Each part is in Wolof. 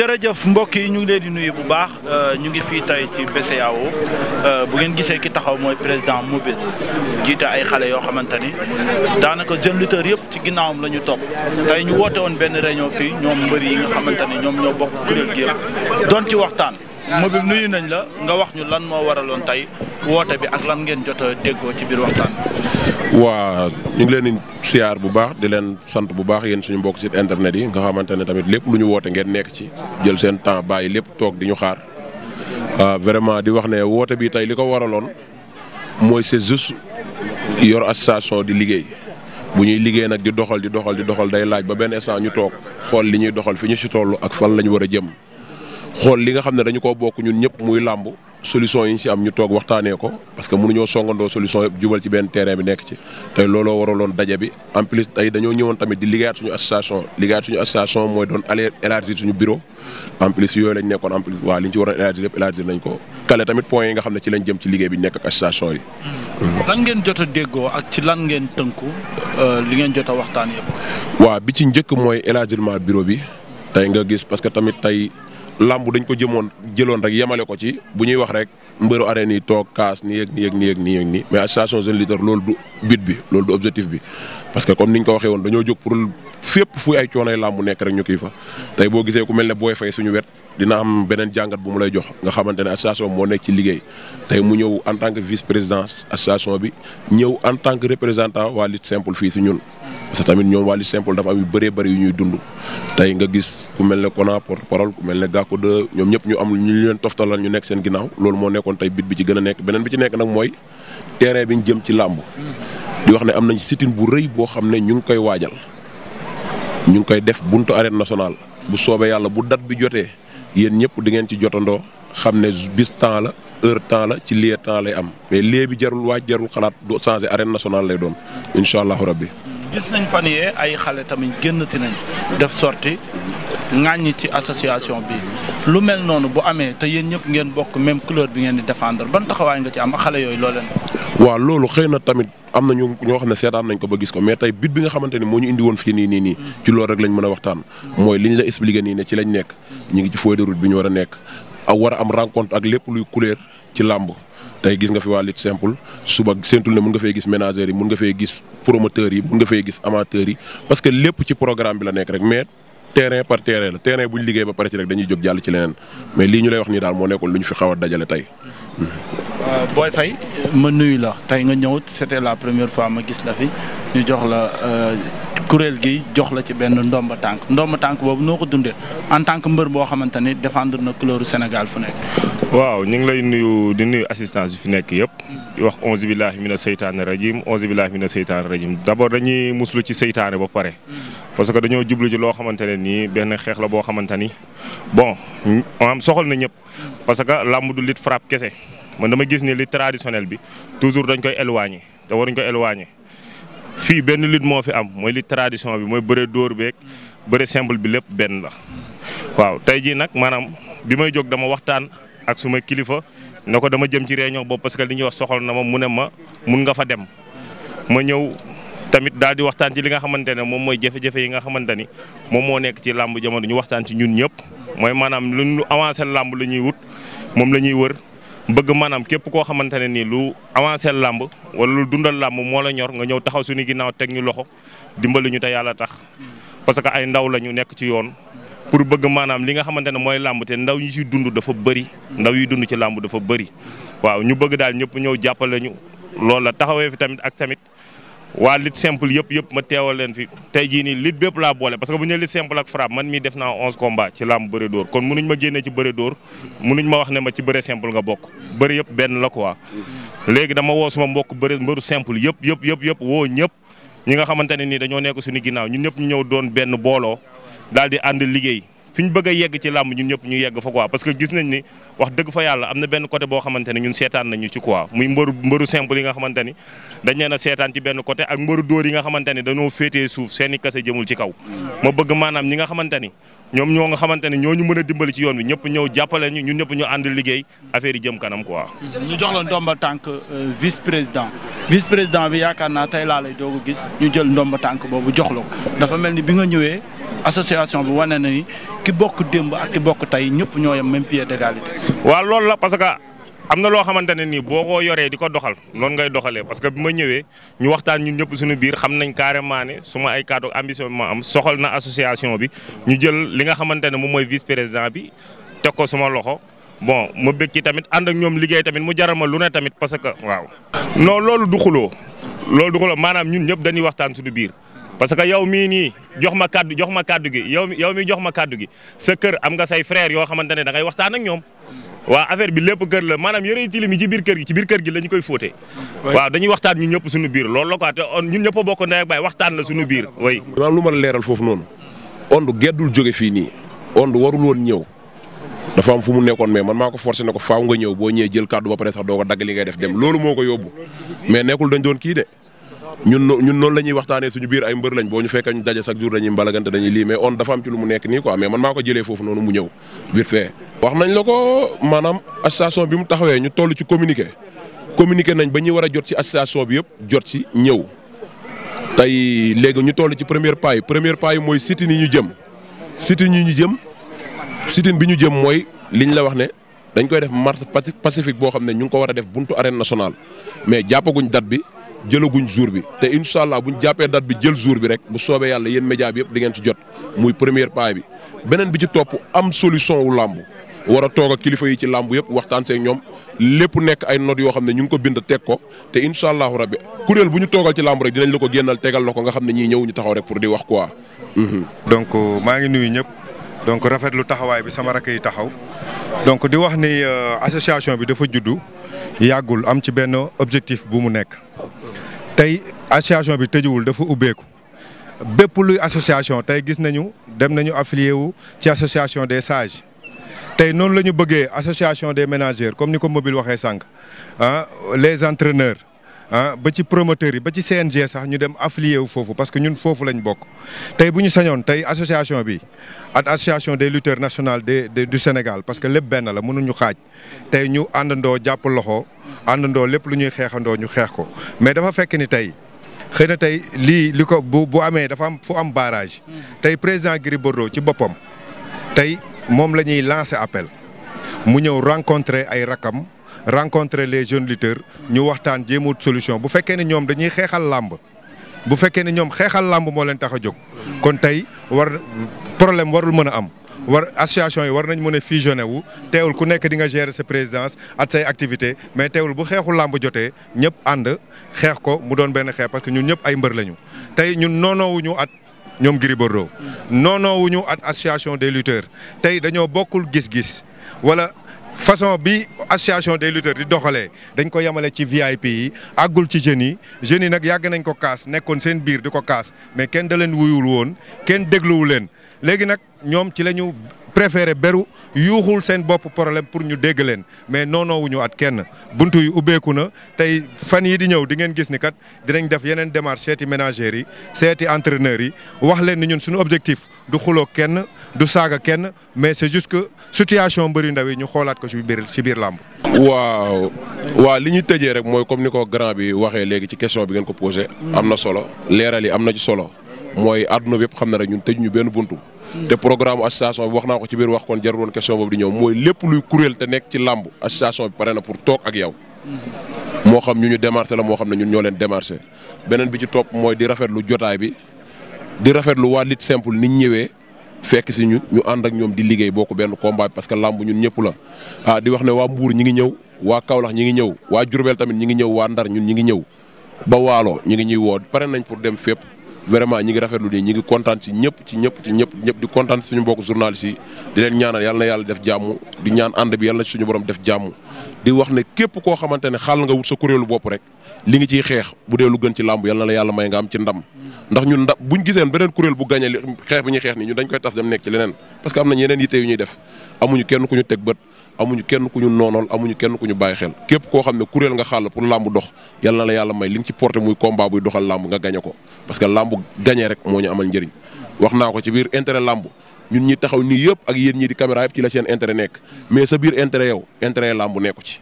jërëjëf mbokk yi ñu ngi leen di nuyu bu baax euh, ñu ngi fii tey ci BCEAO euh, bu ngeen gisee ki taxaw mooy président mobile jiite ay xale yoo xamante ni daanaka jeune lutteur yëpp ci ginnaawam la ñu topp tey ñu woote woon benn réunion fii ñoom mbër yi nga xamante ni ñoom ñoo bokk kuréel gi yëpp doon ci waxtaan mobile nuyu nañ la nga wax ñu lan moo waraloon tey woote bi ak lan ngeen jot a déggoo ci biir waxtaan. waa ñu ngi leen siyaar bu baax di leen sant bu baax yéen suñu mbokk site internet yi nga xamante ne tamit lépp lu ñu woote ngeen nekk ci jël seen temps bàyyi lépp toog di ñu xaar ah, vraiment di wax ne woote bi tey li ko waraloon mooy c'est juste yor association di liggéey bu ñuy liggéey nag di doxal di doxal di doxal day laaj ba benn instant ñu toog xool li ñuy doxal fi ñu si toll ak fan la ñu war a jëm xool li nga xam ne dañu ko bokk ñun ñëpp muy làmb solution yi ñu am ñu toog waxtaanee ko parce que mënuñoo songandoo solution yëpp jubal ci benn terrain bi nekk ci tey looloo waraloon daje bi en plus tey dañoo ñëwoon tamit di liggéeyaat suñu association liggéeyaat suñu association mooy doon aller suñu bureau en plus yooyu lañ nekkoon en plus waaw li ci waroon élargir yi ne ci lañ mm. lan ngeen jot a déggoo ak ci lan ngeen tënku euh, li ngeen jot waxtaan yëpp. waaw bi ci njëkk mooy élargissement bureau bi tey nga gis parce que tamit tey làmb dañ ko jëmoon jëloon rek yemale ko ci bu ñuy wax rek mbëru arène yi toog kaas ni ak nii ak ni ak ni mais association jeune leader loolu du but bi loolu du objectif bi. parce que comme niñ ko waxee woon dañoo jóg pour fépp fu ay coonoy làmb nekk rek ñu kii fa tey boo gisee ku mel ne booy fay suñu wet dina am beneen jàngat bu mu lay jox nga xamante ne association moo nekk ci liggéey tey mu ñëw en tant que vice président association bi ñëw en tant que représentant waa lutte simple fii si ñun. parce que tamit ñoom waa li simple dafa am yu bëree bëri yu ñuy dund tey nga gis ku mel ne Kona porte parole ku mel ne Gackou de ñoom ñëpp ñu am ñu leen toftalal ñu nekk seen ginnaaw loolu moo nekkoon tey bit bi ci gën a nekk beneen bi ci nekk nag mooy terrain bi ñu jëm ci làmb di wax ne am nañ sitin bu rëy boo xam ne ñu ngi koy waajal ñu ngi koy def bunt arène nationale bu soobee yàlla bu dat bi jotee yéen ñëpp di ngeen ci jotandoo xam ne bis temps la heure temps la ci lieu temps lay am mais lieu bi jarul waaj jarul xalaat du changé arène lay doon incha allahu rabbi gis nañ fan yee ay xale tamit ti nañ def sorti ŋàññi ci association bi lu mel noonu bu amee te yéen ñëpp ngeen bokk même couleur bi ngeen di défendre ban taxawaay nga ci am xale yooyu loo leen. waaw loolu xëy na tamit am na ñu ñoo wax ne seetaan nañ ko ba gis ko mais tey bit bi nga xamante ni moo ñu indi woon fii nii nii nii mm. ci loolu rek lañ mën a waxtaan mooy liñ la expliqué nii ne ci lañ nekk ñu ngi ci feuille de bi ñu war a nekk ak war a am rencontre ak lépp luy couleur ci làmb tey gis nga fi waa lutte simple suba séntul ne mun nga fee gis ménageurs yi mun nga fee gis promoteurs yi mun nga fee gis amateurs yi parce que lépp ci programme bi la nekk rek mais terrain par terrain la terrain bu ñu liggéey ba pare ci rek dañuy jóg jàll ci leen mais li ñu lay wax nii daal moo nekkoon lu ñu fi xaw a dajale tey. Boy Faye ma nuyu la tey nga ñëwut c'était la première fois ma gis la fi. ñu jox la euh, kuréel gi jox la ci benn ndomba tànk ndomba tànk boobu noo ko dundee en tant que mbër boo xamante ni défendre na couleur Sénégal fu nekk. waaw ñu ngi lay nuyu di nuyu assistance bi fi nekk yëpp. di wax onze billahi mina seytaane rajim onze billahi mina seytaane rajim d' abord dañuy muslu ci seytaane ba pare. parce que dañoo jublu ci loo xamante ne nii benn xeex la boo xamante ni bon am soxal na ñëpp. parce que làmb du lit frappe kese man dama gis ne li traditionnel bi toujours dañ koy éloigné te waruñ ko éloigné. fii benn lutte moo fi am mooy lutte tradition bi mooy bëre dóor beeg bëre simple bi lépp benn la waaw tey jii nag maanaam bi may jóg dama waxtaan ak suma kilifa ne ko dama jëm ci réunion boobu parce que li ñuy wax soxal na ma mu ne ma mun nga fa dem ma ñëw tamit daal di waxtaan ci li nga xamante ne moom mooy jafe-jafe yi nga xamante ni moom moo nekk ci làmb jamono ñu waxtaan ci ñun ñëpp mooy maanaam luñ avancer làmb la ñuy wut moom la ñuy wër bëgg maanaam képp koo xamante ne nii lu avancé làmb wala lu dundal làmb moo la ñor nga ñëw taxaw suñu ginnaaw teg ñu loxo dimbali ñu te yàlla tax parce que ay ndaw la ñu nekk ci yoon pour bëgg maanaam li nga xamante ne mooy làmb te ndaw ñi ci dund dafa bëri ndaw yi dund ci làmb dafa bëri waaw ñu bëgg daal ñëpp ñëw jàppale ñu taxawee fi tamit ak tamit waa lit simple yëpp yëpp ma teewal leen fi tey jii nii lit bépp laa boole parce que bu ñu lit simple ak frappe man mii def naa onze combat ci làmb bëre dóor kon munuñ ma génnee ci bëre dóor munuñ ma wax ne ma ci bëre simple nga bokk bëre yëpp benn la quoi. léegi dama woo suma mbokk bëre mbëru simple yëpp yëpp yëpp yëpp woo ñëpp ñi nga xamante ne nii dañoo nekk suñu ginnaaw ñun ñëpp ñu ñëw doon benn booloo dal di ànd liggéey. fi ñu bëgg a yegg ci làmb ñun ñëpp ñu yegg fa quoi parce que gis nañ ni wax dëgg fa yàlla am na benn côté boo xamante ne ñun seetaan nañu ci quoi muy mbëru mbëru simple yi nga xamante ni dañ leen a seetaan ci benn côté ak mbëru dóor yi nga xamante ni dañoo féetee suuf seeni i kase jëmul ci kaw mm. ma bëgg maanaam ñi nga xamante ni ñoom ñoo nga xamante ne ñoo ñu mën a dimbali ci yoon bi ñëpp ñëw jàppale ñu ñun ñu ànd liggéey affaire yi jëm kanam quoi. ñu jox la ndomba tànk euh, vice président vice président bi yaakaar naa tey laa lay doog a gis ñu jël ndomba tànk boobu jox la dafa mel ni bi nga ñëwee association bi wane na ni ki bokk démb ak ki bokk tey ñëpp ñoo yem même pied d'égalité. waaw loolu la parce am na loo xamante ne nii boo ko yoree di ko doxal noonu ngay doxalee parce que bi ma ñëwee ñu waxtaan ñun ñëpp suñu biir xam nañ carrément ne suma ay kaddu ambition bi am soxal na association bi ñu jël li nga xamante ne moom mooy vice président bi teg ko suma loxo bon ma bëgg ci tamit ànd ak ñoom liggéey tamit mu jaral ma lu ne tamit parce que waaw. non loolu du xuloo loolu du xuloo maanaam ñun ñëpp dañuy waxtaan suñu biir. parce que yow mii nii jox ma kàddu jox ma kàddu gi yow yow mii jox ma kàddu gi sa kër am nga say frère yoo xamante ne da ngay waxtaan ak waa affaire bi lépp kër la maanaam yëre tilim yi ci biir kër gi ci biir kër gi la ñu koy fóote waaw dañuy waxtaan ñun ñëpp suñu biir loolu la ñun ñëpp a bokk ndey ak baay waxtaan la suñu biir way waaw lu ma leeral foofu noonu Onde geddul jóge fii nii Onde warul woon ñëw dafa am fu mu nekkoon mais man maa ko forcé ne ko faaw nga ñëw boo ñëwee jël kàddu ba pare sax doo ko dagg li ngay def dem loolu moo ko yóbbu mais nekkul dañ doon kii de ñun ñun noonu lañuy ñuy waxtaanee suñu biir ay mbër lañ boo ñu fekkee ñu daje chaque jour dañuy mbalagante dañuy lii mais on dafa am ci lu mu nekk nii quoi mais ko jëlee foofu noonu mu ñëw biir fee wax nañ la ko maanaam association bi mu taxawee ñu toll ci communique communiqué nañ ba ñuy war a jot ci association bi yëpp jot ci ñëw tey léegi ñu toll ci première pas yi première pas yi mooy sitin yi ñu jëm sitin yi ñu jëm sitin bi ñu jëm mooy liñ la wax ne dañ koy def marche pacifique boo xam ne ñu ngi ko war a def buntu arène nationale mais jàppaguñ date bi jëlaguñ jour bi te incha allah buñ jàppee date bi jël jour bi rek bu soobee yàlla yéen média bi yëpp di ngeen ci jot muy première pas bi beneen bi ci topp am solution wu làmb war a toog kilifa yi ci làmb yëpp waxtaan seeg ñoom lépp nekk ay notes yoo xam ne ñu ngi ko bind teg ko te incha allahu rabbi kuréel bu ñu toogal ci làmb rek dinañ la ko génnal tegal la ko nga xam ne ñii ñëw ñu taxaw rek pour di wax quoi. Mhm. donc euh, maa ngi nuyu ñëpp donc rafetlu taxawaay bi sama rakk yi taxaw donc di wax ni euh, association bi dafa juddu yàggul am ci benn objectif bu mu nekk. tey association bi tëjuwul dafa ubbeeku bépp luy association tey gis nañu dem nañu affilié wu ci association des sages tey noonu la ñu bëggee association des ménagers comme ni ko mobile waxee sànq ah les entreneurs ah ba ci promoteurs yi ba ci CNG sax ñu dem affilié wu foofu parce que ñun foofu lañ bokk tey bu ñu sañoon tey association bi ak association des lutteurs nationales de du Sénégal parce que lépp benn la mënuñu xaaj tey ñu àndandoo jàpp loxo. àndandoo lépp lu ñuy xeexandoo ñu xeex ko mais dafa fekk ni tey xëy na tey lii li ko bu bu amee dafa am fu am barage tey président Gris Bordeaux ci boppam tey moom la ñuy lancer appel mu ñëw rencontrer ay rakam rencontrer les jeunes lutteurs ñu waxtaan jéem a solution bu fekkee ne ñoom dañuy xeexal làmb. bu fekkee ne ñoom xeexal làmb moo leen tax a jóg kon tey war problème warul mën a am war association yi war nañ mën a fusionné wu teewul ku nekk dinga ger gérer sa présidence ak say activité mais teewul bu xeexul làmb jotee ñëpp ànd xeex ko mu doon benn xeex parce que ñun ñëpp ay mbër lañu tey ñun noonoowuñu at ñoom Gris Bordeaux noonoowuñu at association des lutteurs tey dañoo bokkul gis-gis wala façon bi association des lutteurs di doxalee dañ ko yemale ci VIP yi àggul ci jeunes yi jeunes yi nag yàgg nañ ko kaas nekkoon seen biir di ko kaas mais kenn da leen wuyul woon kenn dégluwu leen léegi nag ñoom ci la ñu préféré beru yuuxul seen bopp problème pour ñu dégg leen mais noonoowuñu at kenn buntu yi ubbeeku na tey fan yi di ñëw di ngeen gis ni kat dinañ def yeneen démarche seeti ménagères yi seeti entraîneurs yi wax leen ni ñun suñu objectif du xuloo kenn du saaga kenn mais c'est juste que situation mbëri ndaw yi ñu xoolaat ko ci biir ci biir làmb. waaw waaw li ñu tëjee rek mooy comme ni ko grand bi waxee léegi ci question bi ngeen ko posé. am na solo leeral yi am na ci solo mooy àdduna bi xam na rek ñun tëj ñu benn buntu. te programme association bi wax naa ko ci biir wax kon jarul woon question boobu di ñëw mooy lépp luy kuréel te nekk ci làmb association bi pare na pour toog ak yow. moo xam ñu ñu démarché la moo xam ne ñun ñoo leen démarché beneen bi ci topp mooy di rafet lu jotaay bi di rafetlu waa lit simple ni ñu ñëwee fekk si ñu ñu ànd ak ñoom di liggéey boo ko benn combat parce que làmb ñun ñëpp la ah di wax ne waa Mbour ñi ngi ñëw waa Kaolack ñi ngi ñëw waa Diourbel tamit ñi ngi ñëw waa Ndar ñun ñi ngi ñëw ba Waalo ñi ngi ñuy woo pare nañ pour dem fépp vraiment ñi ngi rafetlu nii ñi ngi kontaan ci ñëpp ci ñëpp ci ñëpp ñëpp di kontaan suñu mbokk journaliste yi di leen ñaanal yàlla na yàlla def jàmm di ñaan ànd bi yàlla na suñu borom def jàmm di wax ne képp koo xamante ne xaal nga wut sa kuréelu bopp rek li ngi ciy xeex bu dee lu gën ci làmb yàlla na la yàlla may nga am ci ndam ndax ñun ndam buñ giseen beneen kuréel bu gàñe li xeex bi ñuy xeex nii ñun dañ koy tas dem nekk ci leneen parce que na nañ yeneen yitte yu ñuy def amuñu kenn ku ñu teg bët amuñu kenn ku ñu noonool amuñu kenn ku ñu bàyyi xel képp koo xam ne kuréel nga xàll pour làmb dox yal na la yàlla may li nga ci porté muy combat buy doxal làmb nga gañe ko parce que làmb gañe rek moo ñu amal njëriñ wax naa ko ci biir intérêt làmb ñun ñi taxaw nii yëpp ak yéen ñii di caméra yëpp ci la seen intérêt nekk mais sa biir intérêt yow intérêt làmb nekku ci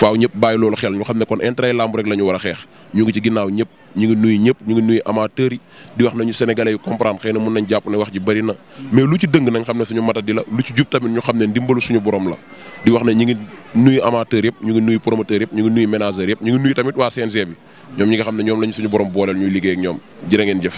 faaw ñëpp bàyyi loolu xel ñu xam ne kon intérêt lamb rek la ñu war a xeex ñu ngi ci ginnaaw ñëpp ñu ngi nuyu ñëpp ñu ngi nuyu amateurs yi di wax mun nañ jàpp wax ji bëri na mais lu ci dëng nañ xam ne suñu matadi la lu ci jub tamit ñu xam ne ndimbalu suñu borom la di wax ne ñu ngi nuyu amateurs yëpp ñu ngi nuyu promoteur yëpp ñu ngi nuyu ménageurs yëpp ñu ngi nuyu tamit waa CNG bi ñoom ñi nga xam ne ñoom lañ suñu borom booleel ñuy liggéey ak ñoom jërë ngeen jëf